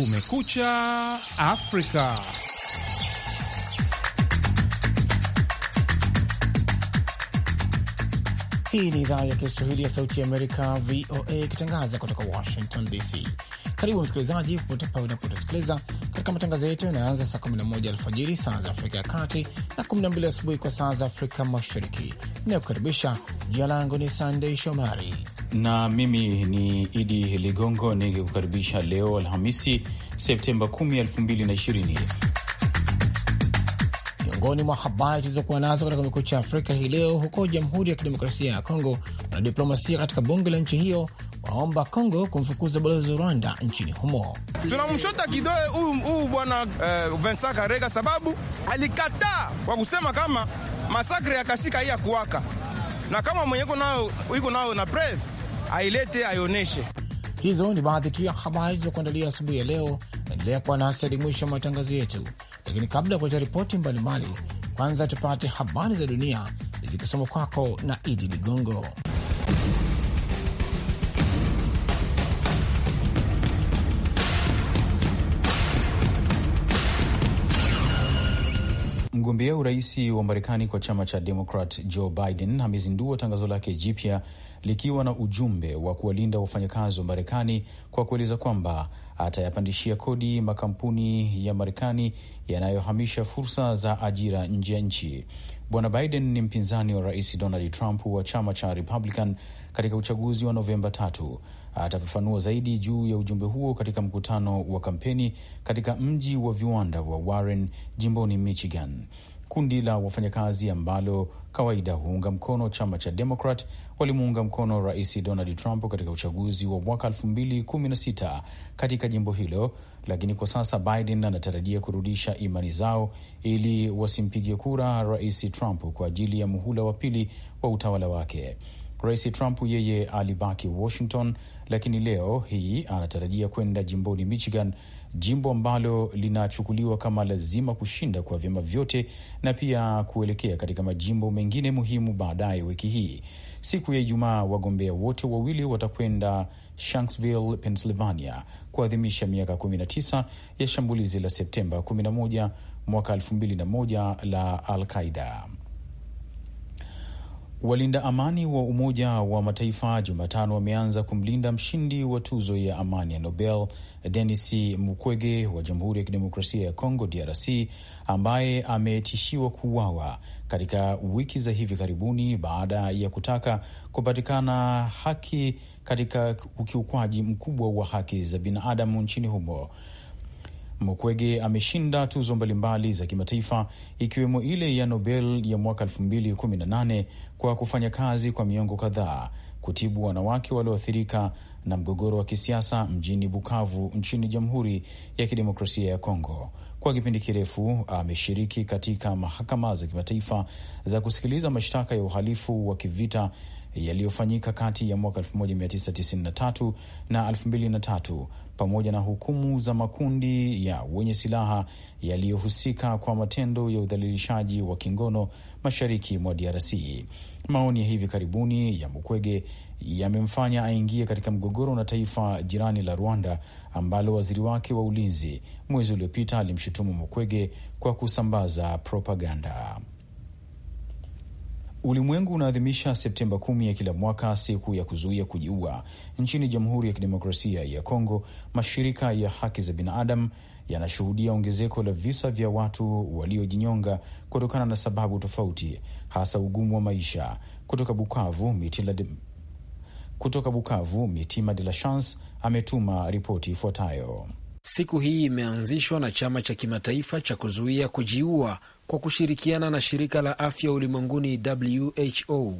Kumekucha Afrika. Hii ni idhaa ya Kiswahili ya Sauti ya Amerika, VOA, ikitangaza kutoka Washington DC. Karibu msikilizaji, popote pale unapotusikiliza katika matangazo yetu yanaanza saa 11 alfajiri saa za Afrika ya Kati na 12 asubuhi kwa saa za Afrika Mashariki. Inayokukaribisha, jina langu ni Sandei Shomari na mimi ni Idi Ligongo nikikukaribisha leo Alhamisi Septemba 10, 2020. Miongoni mwa habari tulizokuwa nazo katika Kumekucha Afrika hii leo, huko Jamhuri ya Kidemokrasia ya Kongo, wanadiplomasia katika bunge la nchi hiyo waomba Kongo kumfukuza balozi wa Rwanda nchini humo. Tunamshota kidoe huyu bwana uh, Vincent Karega sababu alikataa kwa kusema kama masakre ya kasika hii ya kuwaka na kama mwenye iko nayo na prev ailete aioneshe. Hizo ni baadhi tu ya habari kuandalia asubuhi ya leo. Endelea kuwa nasi hadi mwisho wa matangazo yetu, lakini kabla ya kuleta ripoti mbalimbali, kwanza tupate habari za dunia zikisoma kwako na Idi Ligongo. Mgombea urais wa Marekani kwa chama cha Demokrat Joe Biden amezindua tangazo lake jipya likiwa na ujumbe wa kuwalinda wafanyakazi wa Marekani kwa kueleza kwamba atayapandishia kodi makampuni ya Marekani yanayohamisha fursa za ajira nje ya nchi. Bwana Biden ni mpinzani wa rais Donald Trump wa chama cha Republican katika uchaguzi wa Novemba tatu atafafanua zaidi juu ya ujumbe huo katika mkutano wa kampeni katika mji wa viwanda wa Warren jimboni Michigan. Kundi la wafanyakazi ambalo kawaida huunga mkono chama cha Demokrat walimuunga mkono Rais Donald Trump katika uchaguzi wa mwaka 216 katika jimbo hilo, lakini kwa sasa Biden anatarajia kurudisha imani zao ili wasimpige kura Rais Trump kwa ajili ya muhula wa pili wa utawala wake. Rais Trump yeye alibaki Washington, lakini leo hii anatarajia kwenda jimboni Michigan, jimbo ambalo linachukuliwa kama lazima kushinda kwa vyama vyote, na pia kuelekea katika majimbo mengine muhimu baadaye wiki hii. Siku ya Ijumaa, wagombea wote wawili watakwenda Shanksville, Pennsylvania, kuadhimisha miaka 19 ya shambulizi la Septemba 11 mwaka 2001 la Al Qaida. Walinda amani wa Umoja wa Mataifa Jumatano wameanza kumlinda mshindi wa tuzo ya amani ya Nobel Denis Mukwege wa Jamhuri ya Kidemokrasia ya Kongo DRC ambaye ametishiwa kuuawa katika wiki za hivi karibuni baada ya kutaka kupatikana haki katika ukiukwaji mkubwa wa haki za binadamu nchini humo. Mukwege ameshinda tuzo mbalimbali za kimataifa ikiwemo ile ya Nobel ya mwaka 2018 kwa kufanya kazi kwa miongo kadhaa kutibu wanawake walioathirika na mgogoro wa kisiasa mjini Bukavu nchini Jamhuri ya Kidemokrasia ya Kongo. Kwa kipindi kirefu ameshiriki katika mahakama za kimataifa za kusikiliza mashtaka ya uhalifu wa kivita yaliyofanyika kati ya mwaka 1993 na 2003 pamoja na hukumu za makundi ya wenye silaha yaliyohusika kwa matendo ya udhalilishaji wa kingono mashariki mwa DRC. Maoni ya hivi karibuni ya Mukwege yamemfanya aingie katika mgogoro na taifa jirani la Rwanda ambalo waziri wake wa ulinzi mwezi uliopita alimshutumu Mukwege kwa kusambaza propaganda. Ulimwengu unaadhimisha Septemba kumi ya kila mwaka siku ya kuzuia kujiua. Nchini Jamhuri ya Kidemokrasia ya Kongo, mashirika ya haki za binadamu yanashuhudia ongezeko la visa vya watu waliojinyonga kutokana na sababu tofauti, hasa ugumu wa maisha. Kutoka Bukavu, Mitima de, kutoka Bukavu, Mitima de la Chance ametuma ripoti ifuatayo. Siku hii imeanzishwa na chama cha kimataifa cha kuzuia kujiua kwa kushirikiana na shirika la afya ulimwenguni WHO.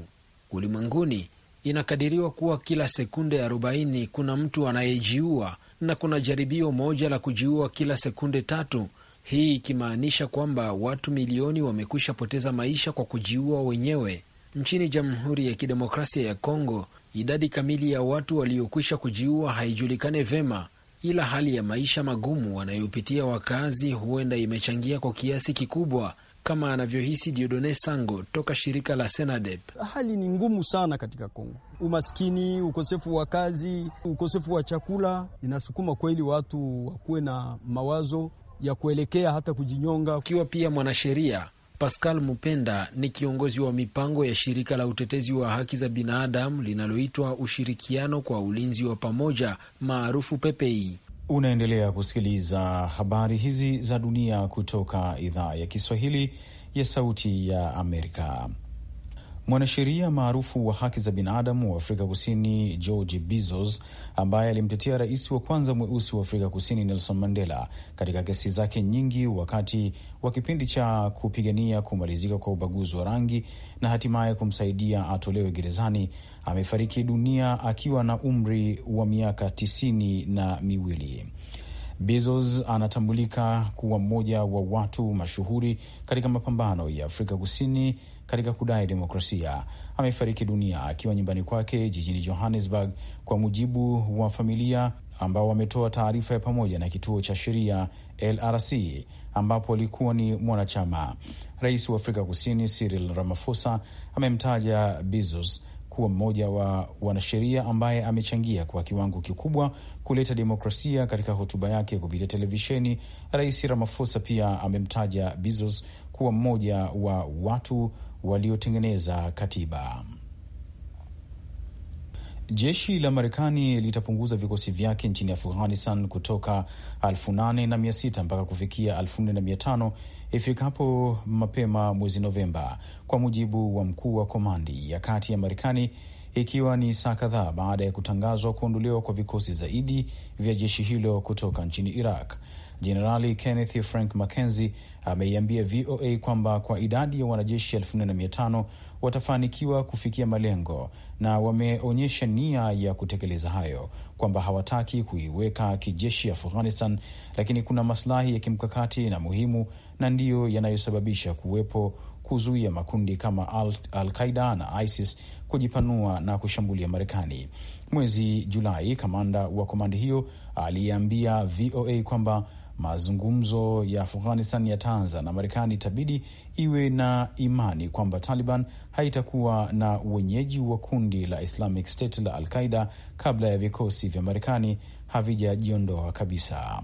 Ulimwenguni inakadiriwa kuwa kila sekunde 40 kuna mtu anayejiua na kuna jaribio moja la kujiua kila sekunde tatu, hii ikimaanisha kwamba watu milioni wamekwisha poteza maisha kwa kujiua wenyewe. Nchini Jamhuri ya Kidemokrasia ya Kongo, idadi kamili ya watu waliokwisha kujiua haijulikane vema ila hali ya maisha magumu wanayopitia wakazi huenda imechangia kwa kiasi kikubwa, kama anavyohisi Diodone Sango toka shirika la Senadep. Hali ni ngumu sana katika Kongo, umaskini, ukosefu wa kazi, ukosefu wa chakula inasukuma kweli watu wakuwe na mawazo ya kuelekea hata kujinyonga. Ikiwa pia mwanasheria Pascal Mupenda ni kiongozi wa mipango ya shirika la utetezi wa haki za binadamu linaloitwa Ushirikiano kwa Ulinzi wa Pamoja, maarufu PEPEI. Unaendelea kusikiliza habari hizi za dunia kutoka idhaa ya Kiswahili ya Sauti ya Amerika. Mwanasheria maarufu wa haki za binadamu wa Afrika Kusini George Bizos, ambaye alimtetea rais wa kwanza mweusi wa Afrika Kusini Nelson Mandela katika kesi zake nyingi wakati wa kipindi cha kupigania kumalizika kwa ubaguzi wa rangi na hatimaye kumsaidia atolewe gerezani, amefariki dunia akiwa na umri wa miaka tisini na miwili. Bezos anatambulika kuwa mmoja wa watu mashuhuri katika mapambano ya Afrika Kusini katika kudai demokrasia. Amefariki dunia akiwa nyumbani kwake jijini Johannesburg, kwa mujibu wa familia ambao wametoa taarifa ya pamoja na kituo cha sheria LRC ambapo alikuwa ni mwanachama. Rais wa Afrika Kusini Cyril Ramaphosa amemtaja Bezos kuwa mmoja wa wanasheria ambaye amechangia kwa kiwango kikubwa kuleta demokrasia. Katika hotuba yake kupitia televisheni, Rais Ramaphosa pia amemtaja Bizos kuwa mmoja wa watu waliotengeneza katiba. Jeshi la Marekani litapunguza vikosi vyake nchini Afghanistan kutoka 86 mpaka kufikia 45 ifikapo mapema mwezi Novemba, kwa mujibu wa mkuu wa komandi ya kati ya Marekani, ikiwa ni saa kadhaa baada ya kutangazwa kuondolewa kwa vikosi zaidi vya jeshi hilo kutoka nchini Iraq. Jenerali Kenneth Frank mackenzi ameiambia VOA kwamba kwa idadi ya wanajeshi elfu nne na mia tano watafanikiwa kufikia malengo na wameonyesha nia ya kutekeleza hayo, kwamba hawataki kuiweka kijeshi Afghanistan, lakini kuna masilahi ya kimkakati na muhimu na ndiyo yanayosababisha kuwepo kuzuia makundi kama al, al Qaida na ISIS kujipanua na kushambulia Marekani. Mwezi Julai, kamanda wa komandi hiyo aliambia VOA kwamba mazungumzo ya Afghanistan yataanza na Marekani itabidi iwe na imani kwamba Taliban haitakuwa na wenyeji wa kundi la Islamic State la Al Qaida kabla ya vikosi vya Marekani havijajiondoa kabisa.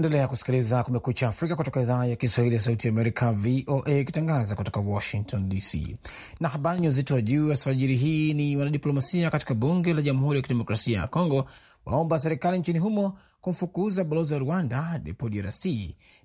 Endelea kusikiliza Kumekucha Afrika kutoka idhaa ya Kiswahili ya Sauti Amerika, VOA, ikitangaza kutoka Washington DC. Na habari yenye uzito wa juu alfajiri hii ni wanadiplomasia katika bunge la Jamhuri ya Kidemokrasia ya Kongo waomba serikali nchini humo kumfukuza balozi wa Rwanda Depo DRC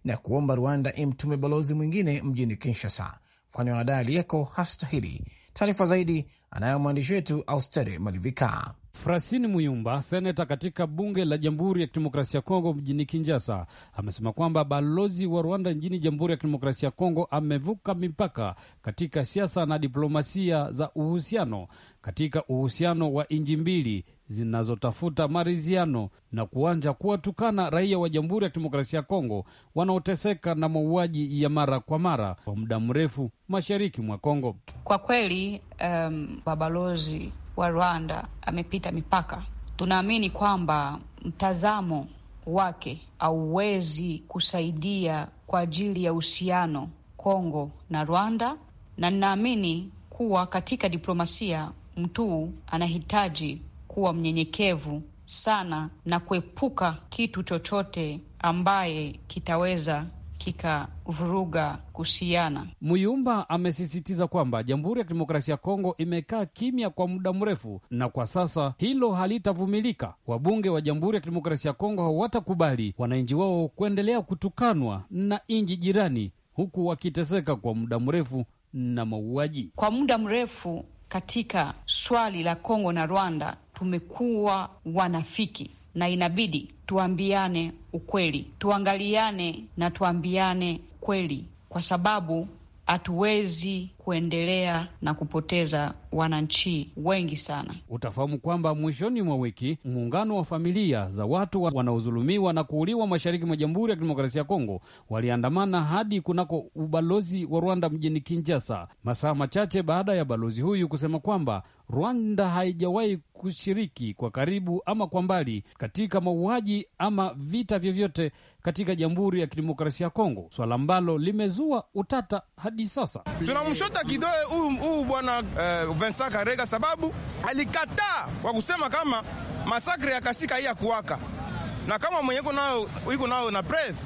na kuomba Rwanda imtume balozi mwingine mjini Kinshasa, kwani wanadai aliyeko hastahili. Taarifa zaidi anayo mwandishi wetu Austere Malivika. Frasini Muyumba, seneta katika bunge la Jamhuri ya Kidemokrasia ya Kongo mjini Kinshasa, amesema kwamba balozi wa Rwanda nchini Jamhuri ya Kidemokrasia ya Kongo amevuka mipaka katika siasa na diplomasia za uhusiano katika uhusiano wa nchi mbili zinazotafuta maridhiano na kuanja kuwatukana raia wa Jamhuri ya Kidemokrasia ya Kongo wanaoteseka na mauaji ya mara kwa mara kwa muda mrefu mashariki mwa Kongo. Kwa kweli um, mabalozi wa Rwanda amepita mipaka, tunaamini kwamba mtazamo wake hauwezi kusaidia kwa ajili ya uhusiano Kongo na Rwanda, na ninaamini kuwa katika diplomasia mtu anahitaji kuwa mnyenyekevu sana na kuepuka kitu chochote ambaye kitaweza kikavuruga kusiana. Muyumba amesisitiza kwamba Jamhuri ya Kidemokrasia ya Kongo imekaa kimya kwa muda mrefu, na kwa sasa hilo halitavumilika. Wabunge wa Jamhuri ya Kidemokrasia ya Kongo hawatakubali wananchi wao kuendelea kutukanwa na nchi jirani, huku wakiteseka kwa muda mrefu na mauaji kwa muda mrefu. Katika swali la Kongo na Rwanda tumekuwa wanafiki na inabidi tuambiane ukweli, tuangaliane na tuambiane kweli, kwa sababu hatuwezi kuendelea na kupoteza wananchi wengi sana. Utafahamu kwamba mwishoni mwa wiki muungano wa familia za watu wanaodhulumiwa na kuuliwa mashariki mwa Jamhuri ya Kidemokrasia ya Kongo waliandamana hadi kunako ubalozi wa Rwanda mjini Kinshasa, masaa machache baada ya balozi huyu kusema kwamba Rwanda haijawahi kushiriki kwa karibu ama kwa mbali katika mauaji ama vita vyovyote katika Jamhuri ya Kidemokrasia ya Kongo, swala ambalo limezua utata hadi sasa hata kidogo huyu bwana uh, Vincent Karega sababu alikataa kwa kusema kama masakre ya kasika hii ya kuwaka, na kama mwenye iko nao na preve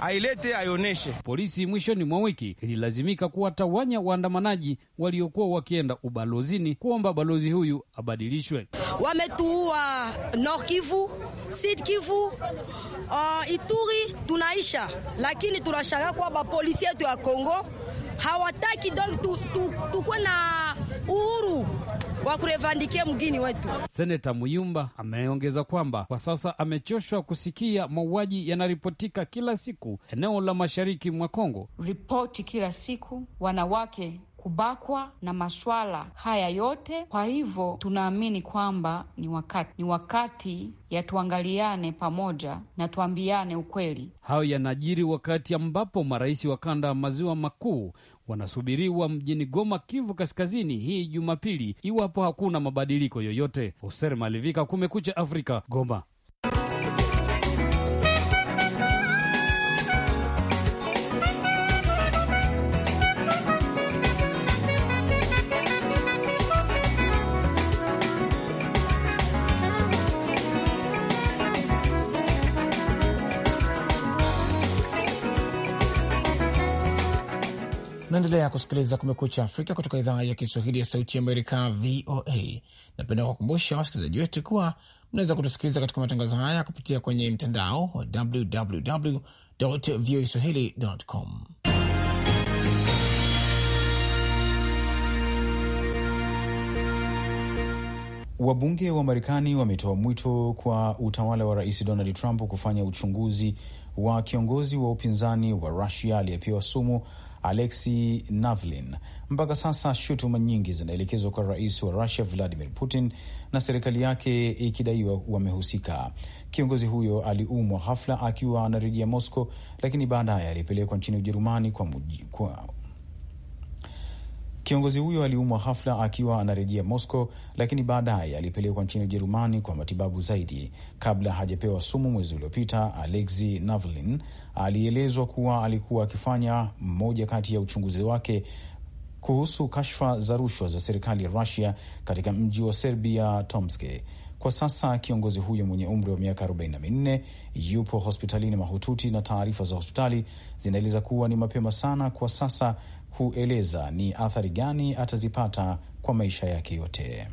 ailete aioneshe. Polisi mwishoni mwa wiki ililazimika kuwatawanya waandamanaji waliokuwa wakienda ubalozini kuomba balozi huyu abadilishwe. Wametuua Nord Kivu, Sud Kivu, uh, Ituri tunaisha, lakini tunashangaa kwamba polisi yetu ya Kongo hawataki do tukuwe na uhuru wa kurevandikia mgini wetu. Seneta Muyumba ameongeza kwamba kwa sasa amechoshwa kusikia mauaji yanaripotika kila siku eneo la mashariki mwa Kongo, ripoti kila siku, wanawake kubakwa na maswala haya yote. Kwa hivyo tunaamini kwamba ni wakati ni wakati ya tuangaliane pamoja na tuambiane ukweli. Hayo yanajiri wakati ambapo marais wa kanda ya maziwa makuu wanasubiriwa mjini Goma, Kivu Kaskazini, hii Jumapili, iwapo hakuna mabadiliko yoyote. Hoser Malivika, Kumekucha Afrika, Goma. Naendelea kusikiliza Kumekucha Afrika kutoka idhaa ya Kiswahili ya Sauti ya Amerika, VOA. Napenda kuwakumbusha wasikilizaji wetu kuwa mnaweza kutusikiliza katika matangazo haya kupitia kwenye mtandao wa www voa swahili com. Wabunge wa Marekani wametoa mwito kwa utawala wa Rais Donald Trump kufanya uchunguzi wa kiongozi wa upinzani wa Rusia aliyepewa sumu Alexei Navalny. Mpaka sasa shutuma nyingi zinaelekezwa kwa rais wa Rusia Vladimir Putin na serikali yake ikidaiwa wamehusika. Kiongozi huyo aliumwa ghafla akiwa anarejea Moscow, lakini baadaye alipelekwa nchini Ujerumani kwa, kwa Kiongozi huyo aliumwa hafla akiwa anarejea Moscow, lakini baadaye alipelekwa nchini Ujerumani kwa matibabu zaidi kabla hajapewa sumu. Mwezi uliopita, Alexei Navalny alielezwa kuwa alikuwa akifanya mmoja kati ya uchunguzi wake kuhusu kashfa za rushwa za serikali ya Rusia katika mji wa Serbia Tomsk. Kwa sasa kiongozi huyo mwenye umri wa miaka 44 yupo hospitalini mahututi, na taarifa za hospitali zinaeleza kuwa ni mapema sana kwa sasa kueleza ni athari gani atazipata kwa maisha yake yote.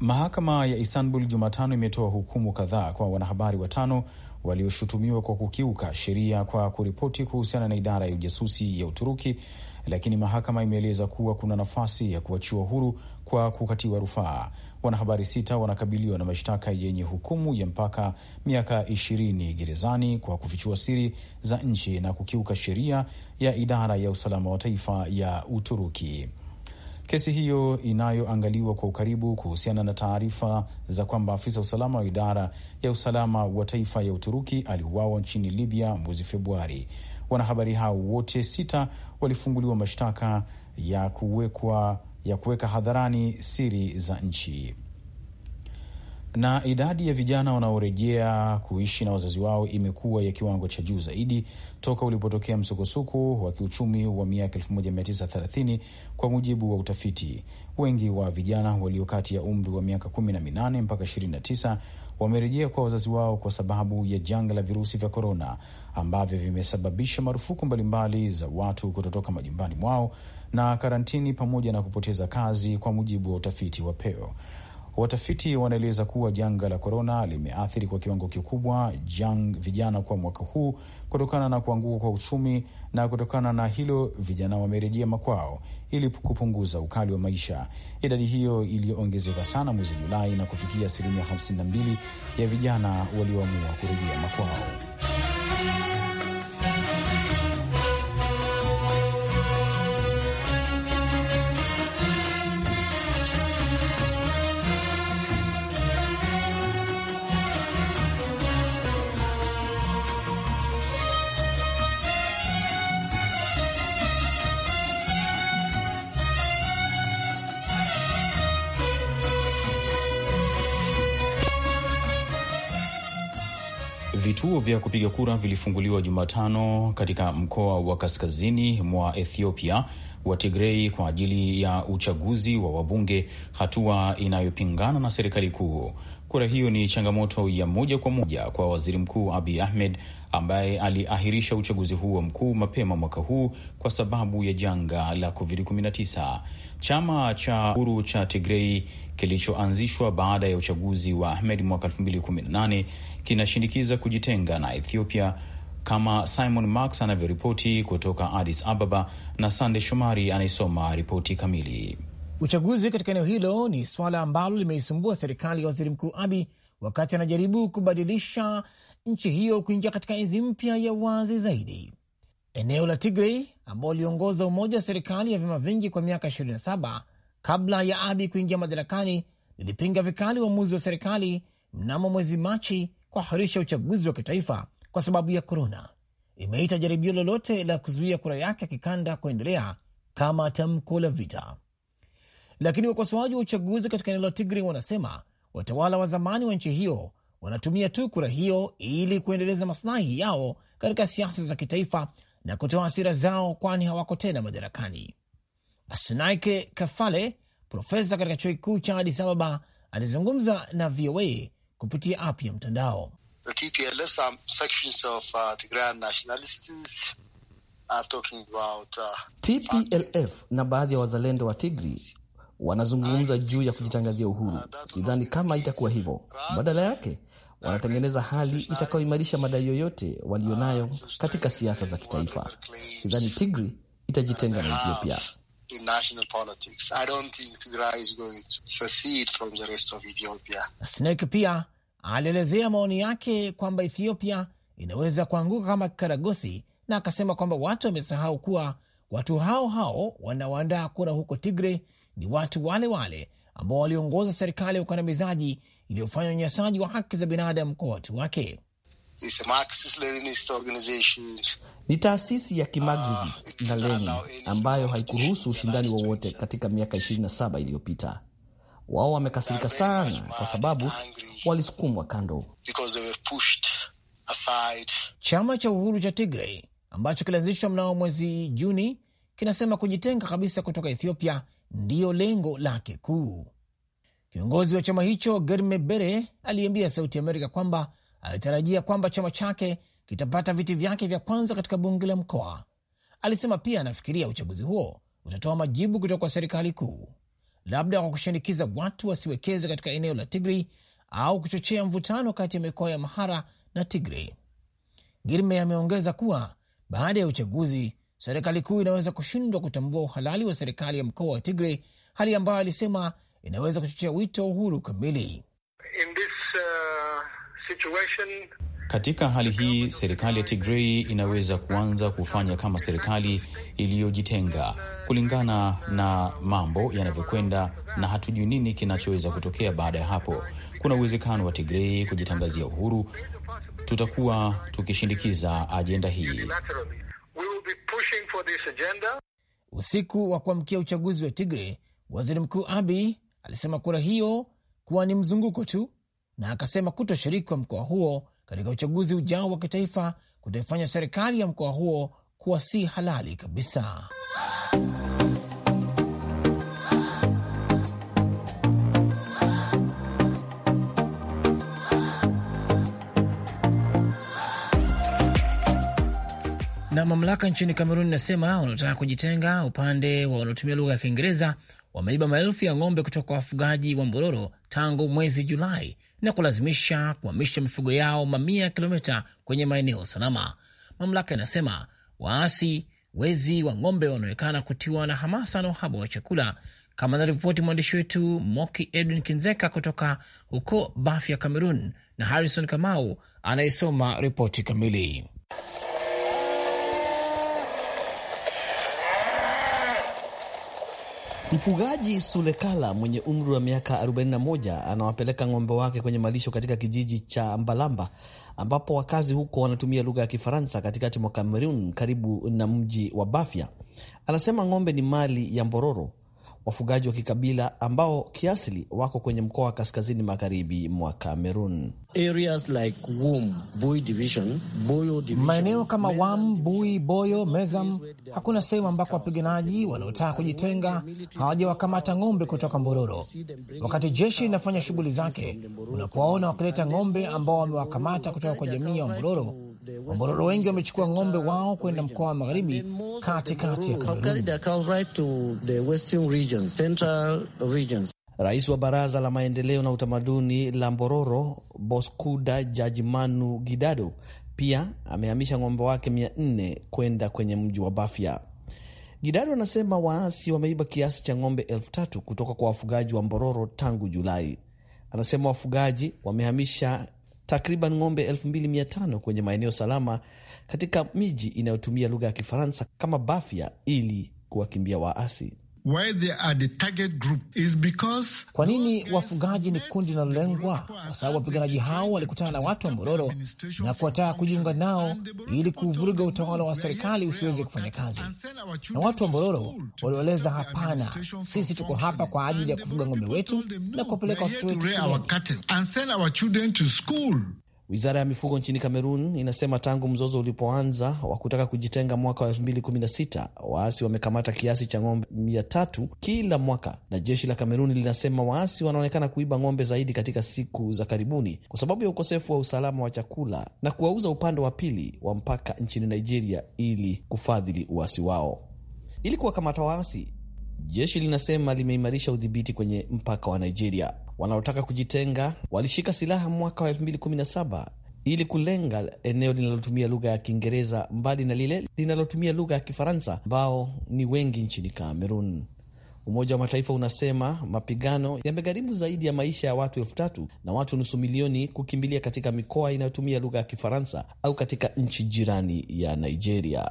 Mahakama ya Istanbul Jumatano imetoa hukumu kadhaa kwa wanahabari watano walioshutumiwa kwa kukiuka sheria kwa kuripoti kuhusiana na idara ya ujasusi ya Uturuki, lakini mahakama imeeleza kuwa kuna nafasi ya kuachiwa huru kwa kukatiwa rufaa. Wanahabari sita wanakabiliwa na mashtaka yenye hukumu ya mpaka miaka ishirini gerezani kwa kufichua siri za nchi na kukiuka sheria ya idara ya usalama wa taifa ya Uturuki. Kesi hiyo inayoangaliwa kwa ukaribu kuhusiana na taarifa za kwamba afisa usalama wa idara ya usalama wa taifa ya Uturuki aliuawa nchini Libya mwezi Februari. Wanahabari hao wote sita walifunguliwa mashtaka ya kuwekwa ya kuweka hadharani siri za nchi na idadi ya vijana wanaorejea kuishi na wazazi wao imekuwa ya kiwango cha juu zaidi toka ulipotokea msukosuko wa kiuchumi wa miaka 1930 kwa mujibu wa utafiti. Wengi wa vijana walio kati ya umri wa miaka 18 mpaka 29 wamerejea kwa wazazi wao kwa sababu ya janga la virusi vya korona ambavyo vimesababisha marufuku mbalimbali za watu kutotoka majumbani mwao na karantini pamoja na kupoteza kazi, kwa mujibu wa utafiti wa Peo. Watafiti wanaeleza kuwa janga la korona limeathiri kwa kiwango kikubwa jang vijana kwa mwaka huu kutokana na kuanguka kwa uchumi, na kutokana na hilo vijana wamerejea makwao ili kupunguza ukali wa maisha. Idadi hiyo iliyoongezeka sana mwezi Julai na kufikia asilimia 52 ya vijana walioamua kurejea makwao. Vituo vya kupiga kura vilifunguliwa Jumatano katika mkoa wa kaskazini mwa Ethiopia wa Tigrei kwa ajili ya uchaguzi wa wabunge, hatua inayopingana na serikali kuu. Kura hiyo ni changamoto ya moja kwa moja kwa waziri mkuu Abi Ahmed ambaye aliahirisha uchaguzi huo mkuu mapema mwaka huu kwa sababu ya janga la COVID-19. Chama cha huru cha Tigrei kilichoanzishwa baada ya uchaguzi wa Ahmed mwaka 2018 kinashinikiza kujitenga na Ethiopia kama Simon Marks anavyoripoti kutoka Addis Ababa na Sande Shomari anayesoma ripoti kamili. Uchaguzi katika eneo hilo ni suala ambalo limeisumbua serikali ya waziri mkuu Abi wakati anajaribu kubadilisha nchi hiyo kuingia katika enzi mpya ya wazi zaidi. Eneo la Tigrey ambao liliongoza umoja wa serikali ya vyama vingi kwa miaka 27 kabla ya Abi kuingia madarakani lilipinga vikali uamuzi wa serikali mnamo mwezi Machi kuahirisha uchaguzi wa kitaifa kwa sababu ya korona. Imeita jaribio lolote la kuzuia kura yake ya kikanda kuendelea kama tamko la vita. Lakini wakosoaji wa uchaguzi katika eneo la Tigri wanasema watawala wa zamani wa nchi hiyo wanatumia tu kura hiyo ili kuendeleza masilahi yao katika siasa za kitaifa na kutoa hasira zao, kwani hawako tena madarakani. Asnaike Kafale, profesa katika chuo kikuu cha Adis Ababa, alizungumza na VOA kupitia app ya mtandao. TPLF uh, uh, na baadhi ya wazalendo wa Tigri wanazungumza juu ya kujitangazia uhuru. Uh, Sidhani kama itakuwa hivyo, badala yake wanatengeneza hali itakayoimarisha madai yoyote walionayo katika siasa za kitaifa. Sidhani Tigri itajitenga na Ethiopia in national politics. I don't think Tigray is going to secede from the rest of Ethiopia. Snake pia alielezea maoni yake kwamba Ethiopia inaweza kuanguka kama kikaragosi, na akasema kwamba watu wamesahau kuwa watu hao hao wanaoandaa kura huko Tigray ni watu wale wale ambao waliongoza serikali ya ukandamizaji iliyofanya unyanyasaji wa haki za binadamu kwa watu wake a Marxist Leninist organization. Ni taasisi ya kimaxist uh, ah, na Lenin ambayo haikuruhusu ushindani wowote katika miaka 27 iliyopita. Wao wamekasirika sana kwa sababu walisukumwa kando. Chama cha uhuru cha Tigray ambacho kilianzishwa mnamo mwezi Juni kinasema kujitenga kabisa kutoka Ethiopia ndiyo lengo lake kuu. Kiongozi wa chama hicho Germe Bere aliambia Sauti Amerika kwamba alitarajia kwamba chama chake kitapata viti vyake vya kwanza katika bunge la mkoa. Alisema pia anafikiria uchaguzi huo utatoa majibu kutoka kwa serikali kuu, labda kwa kushinikiza watu wasiwekeze katika eneo la Tigri au kuchochea mvutano kati ya mikoa ya Mahara na Tigri. Girme ameongeza kuwa baada ya uchaguzi, serikali kuu inaweza kushindwa kutambua uhalali wa serikali ya mkoa wa Tigri, hali ambayo alisema inaweza kuchochea wito wa uhuru kamili situation... Katika hali hii serikali ya Tigrei inaweza kuanza kufanya kama serikali iliyojitenga kulingana na mambo yanavyokwenda, na hatujui nini kinachoweza kutokea baada ya hapo. Kuna uwezekano wa Tigrei kujitangazia uhuru. Tutakuwa tukishindikiza ajenda hii. Usiku wa kuamkia uchaguzi wa Tigre, waziri mkuu Abi alisema kura hiyo kuwa ni mzunguko tu na akasema kutoshiriki kwa mkoa huo katika uchaguzi ujao wa kitaifa kutaifanya serikali ya mkoa huo kuwa si halali kabisa. Na mamlaka nchini Kamerun inasema wanaotaka kujitenga upande wa wanaotumia lugha ya Kiingereza wameiba maelfu ya ng'ombe kutoka kwa wafugaji wa Mbororo tangu mwezi Julai na kulazimisha kuhamisha mifugo yao mamia ya kilomita kwenye maeneo salama. Mamlaka inasema waasi wezi wa ng'ombe wanaonekana kutiwa na hamasa na uhaba wa chakula, kama anaripoti mwandishi wetu Moki Edwin Kinzeka kutoka huko Bafia, cameron na Harrison Kamau anayesoma ripoti kamili. Mfugaji Sulekala mwenye umri wa miaka 41 anawapeleka ng'ombe wake kwenye malisho katika kijiji cha Mbalamba ambapo wakazi huko wanatumia lugha ya Kifaransa katikati mwa cameron karibu na mji wa Bafia. Anasema ng'ombe ni mali ya Mbororo wafugaji wa kikabila ambao kiasili wako kwenye mkoa wa kaskazini magharibi mwa Kamerun. Maeneo kama Wam, Bui, Boyo, Mezam, hakuna sehemu ambako wapiganaji wanaotaka kujitenga hawajawakamata ng'ombe kutoka Mbororo. Wakati jeshi linafanya shughuli zake, unapowaona wakileta ng'ombe ambao wamewakamata kutoka kwa jamii ya Mbororo, Wabororo wengi wamechukua ng'ombe wao kwenda mkoa wa magharibi katikati ya Rais wa Baraza la Maendeleo na Utamaduni la Mbororo, Boskuda Jajimanu Gidado, pia amehamisha ng'ombe wake mia nne kwenda kwenye mji wa Bafia. Gidado anasema waasi wameiba kiasi cha ng'ombe elfu tatu kutoka kwa wafugaji wa Mbororo tangu Julai. Anasema wafugaji wamehamisha takriban ng'ombe 2500 kwenye maeneo salama katika miji inayotumia lugha ya Kifaransa kama Bafia ili kuwakimbia waasi. Because... kwa nini wafugaji ni kundi linalolengwa? Kwa sababu wapiganaji hao walikutana na watu wa mbororo na kuwataka kujiunga nao ili kuvuruga utawala wa serikali usiweze kufanya kazi. Na watu wa mbororo walieleza, hapana, sisi tuko hapa kwa ajili ya kufuga ng'ombe wetu na kuwapeleka watoto wetu Wizara ya mifugo nchini Kamerun inasema tangu mzozo ulipoanza wa kutaka kujitenga mwaka wa 2016 waasi wamekamata kiasi cha ng'ombe 300 kila mwaka, na jeshi la Kamerun linasema waasi wanaonekana kuiba ng'ombe zaidi katika siku za karibuni kwa sababu ya ukosefu wa usalama wa chakula na kuwauza upande wa pili wa mpaka nchini Nigeria ili kufadhili uasi wao. Ili kuwakamata waasi, jeshi linasema limeimarisha udhibiti kwenye mpaka wa Nigeria wanaotaka kujitenga walishika silaha mwaka wa 2017 ili kulenga eneo linalotumia lugha ya Kiingereza mbali na lile linalotumia lugha ya Kifaransa ambao ni wengi nchini Kamerun. Umoja wa Mataifa unasema mapigano yamegharimu zaidi ya maisha ya watu elfu tatu na watu nusu milioni kukimbilia katika mikoa inayotumia lugha ya Kifaransa au katika nchi jirani ya Nigeria.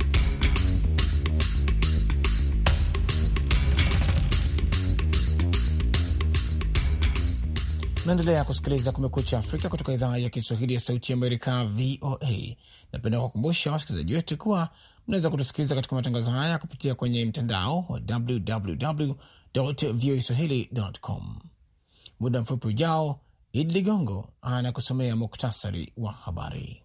Naendelea kusikiliza Kumekucha Afrika kutoka idhaa ya Kiswahili ya Sauti ya Amerika, VOA. Napenda kuwakumbusha wasikilizaji wetu kuwa mnaweza kutusikiliza katika matangazo haya kupitia kwenye mtandao wa www voa swahilicom. Muda mfupi ujao, Idi Ligongo anakusomea muktasari wa habari.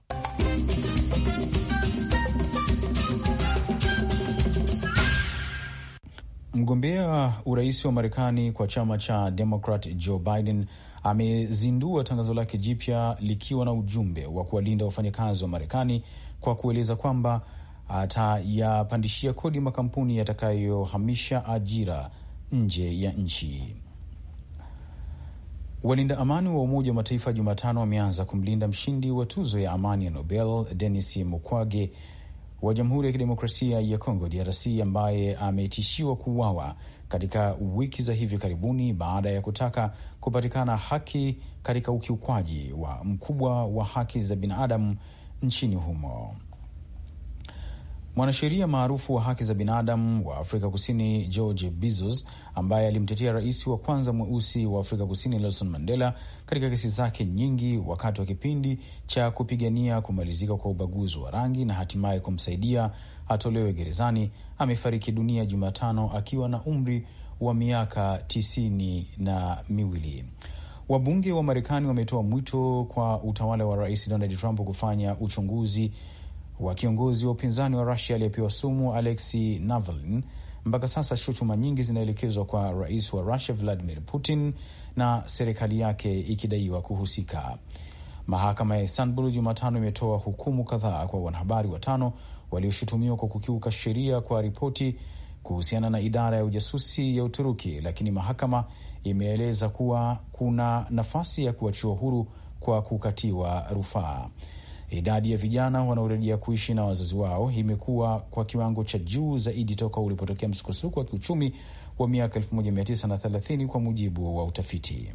Mgombea urais wa Marekani kwa chama cha demokrat Joe Biden amezindua tangazo lake jipya likiwa na ujumbe wa kuwalinda wafanyakazi wa Marekani kwa kueleza kwamba atayapandishia kodi makampuni yatakayohamisha ajira nje ya nchi. Walinda amani wa Umoja wa Mataifa Jumatano wameanza kumlinda mshindi wa tuzo ya amani ya Nobel Denis Mukwege wa Jamhuri ya Kidemokrasia ya Kongo DRC ambaye ametishiwa kuuawa katika wiki za hivi karibuni baada ya kutaka kupatikana haki katika ukiukwaji wa mkubwa wa haki za binadamu nchini humo. Mwanasheria maarufu wa haki za binadamu wa Afrika Kusini George Bizos, ambaye alimtetea rais wa kwanza mweusi wa Afrika Kusini Nelson Mandela katika kesi zake nyingi wakati wa kipindi cha kupigania kumalizika kwa ubaguzi wa rangi na hatimaye kumsaidia atolewe gerezani, amefariki dunia Jumatano akiwa na umri wa miaka tisini na miwili. Wabunge wa Marekani wametoa mwito kwa utawala wa rais Donald Trump kufanya uchunguzi wa kiongozi wa upinzani wa Rusia aliyepewa sumu Alexei Navalny. Mpaka sasa shutuma nyingi zinaelekezwa kwa rais wa Rusia Vladimir Putin na serikali yake ikidaiwa kuhusika. Mahakama ya Istanbul Jumatano imetoa hukumu kadhaa kwa wanahabari watano walioshutumiwa kwa kukiuka sheria kwa ripoti kuhusiana na idara ya ujasusi ya Uturuki, lakini mahakama imeeleza kuwa kuna nafasi ya kuachiwa huru kwa kukatiwa rufaa. Idadi ya vijana wanaorejea kuishi na wazazi wao imekuwa kwa kiwango cha juu zaidi toka ulipotokea msukosuko wa kiuchumi wa miaka 1930 kwa mujibu wa utafiti.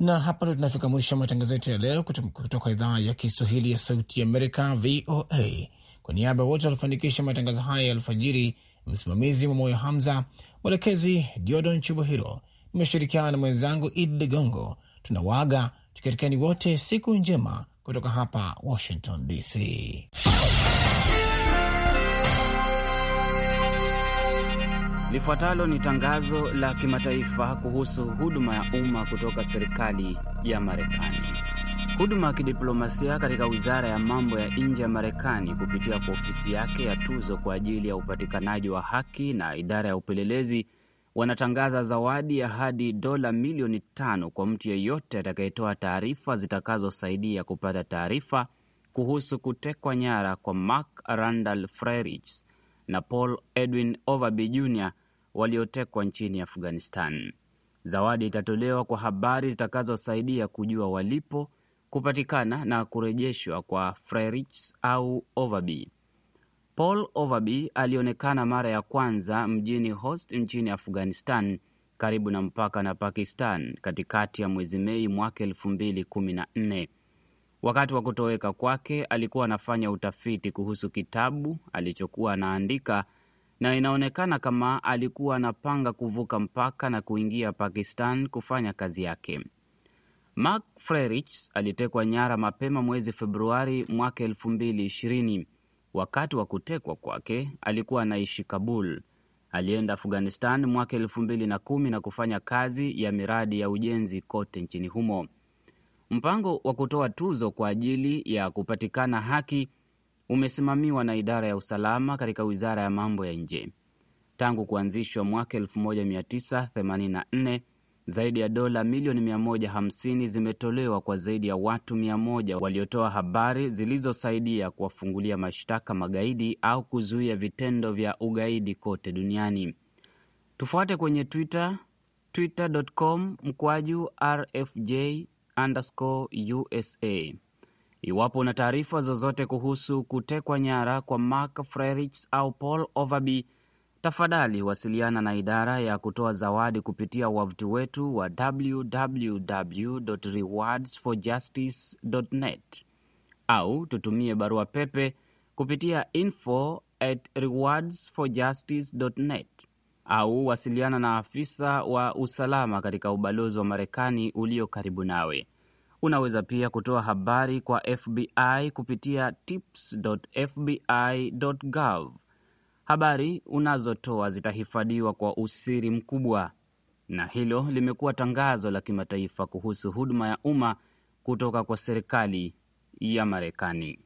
Na hapa ndo tunafika mwisho wa matangazo yetu ya leo kutoka idhaa ya Kiswahili ya Sauti ya Amerika, VOA. Kwa niaba ya wote waliofanikisha matangazo haya ya alfajiri, msimamizi wa Moyo Hamza, mwelekezi Diodon Chubahiro, nimeshirikiana na mwenzangu Idi Ligongo. tunawaga tukiatikani wote, siku njema kutoka hapa Washington DC. Lifuatalo ni tangazo la kimataifa kuhusu huduma ya umma kutoka serikali ya Marekani. Huduma ya kidiplomasia katika wizara ya mambo ya nje ya Marekani kupitia kwa ofisi yake ya tuzo kwa ajili ya upatikanaji wa haki na idara ya upelelezi wanatangaza zawadi ya hadi dola milioni tano kwa mtu yeyote atakayetoa taarifa zitakazosaidia kupata taarifa kuhusu kutekwa nyara kwa Mark Randall Frerich na Paul Edwin Overby Jr waliotekwa nchini Afghanistan. Zawadi itatolewa kwa habari zitakazosaidia kujua walipo, kupatikana na kurejeshwa kwa Frerich au Overby. Paul Overby alionekana mara ya kwanza mjini Host nchini Afghanistan karibu na mpaka na Pakistan katikati ya mwezi Mei mwaka elfu mbili kumi na nne. Wakati wa kutoweka kwake alikuwa anafanya utafiti kuhusu kitabu alichokuwa anaandika, na inaonekana kama alikuwa anapanga kuvuka mpaka na kuingia Pakistan kufanya kazi yake. Mark Frerich alitekwa nyara mapema mwezi Februari mwaka elfu mbili ishirini. Wakati wa kutekwa kwake alikuwa anaishi Kabul. Alienda Afghanistan mwaka elfu mbili na kumi na kufanya kazi ya miradi ya ujenzi kote nchini humo. Mpango wa kutoa tuzo kwa ajili ya kupatikana haki umesimamiwa na idara ya usalama katika wizara ya mambo ya nje. Tangu kuanzishwa mwaka 1984 zaidi ya dola milioni 150 zimetolewa kwa zaidi ya watu 1 waliotoa habari zilizosaidia kuwafungulia mashtaka magaidi au kuzuia vitendo vya ugaidi kote duniani. Tufuate kwenye Twitter, twitter.com mkwaju rfj underscore usa. Iwapo una taarifa zozote kuhusu kutekwa nyara kwa Mark Frerich au Paul Overby Tafadhali wasiliana na idara ya kutoa zawadi kupitia wavuti wetu wa www.rewardsforjustice.net au tutumie barua pepe kupitia info at rewardsforjustice.net au wasiliana na afisa wa usalama katika ubalozi wa Marekani ulio karibu nawe. Unaweza pia kutoa habari kwa FBI kupitia gov habari unazotoa zitahifadhiwa kwa usiri mkubwa, na hilo limekuwa tangazo la kimataifa kuhusu huduma ya umma kutoka kwa serikali ya Marekani.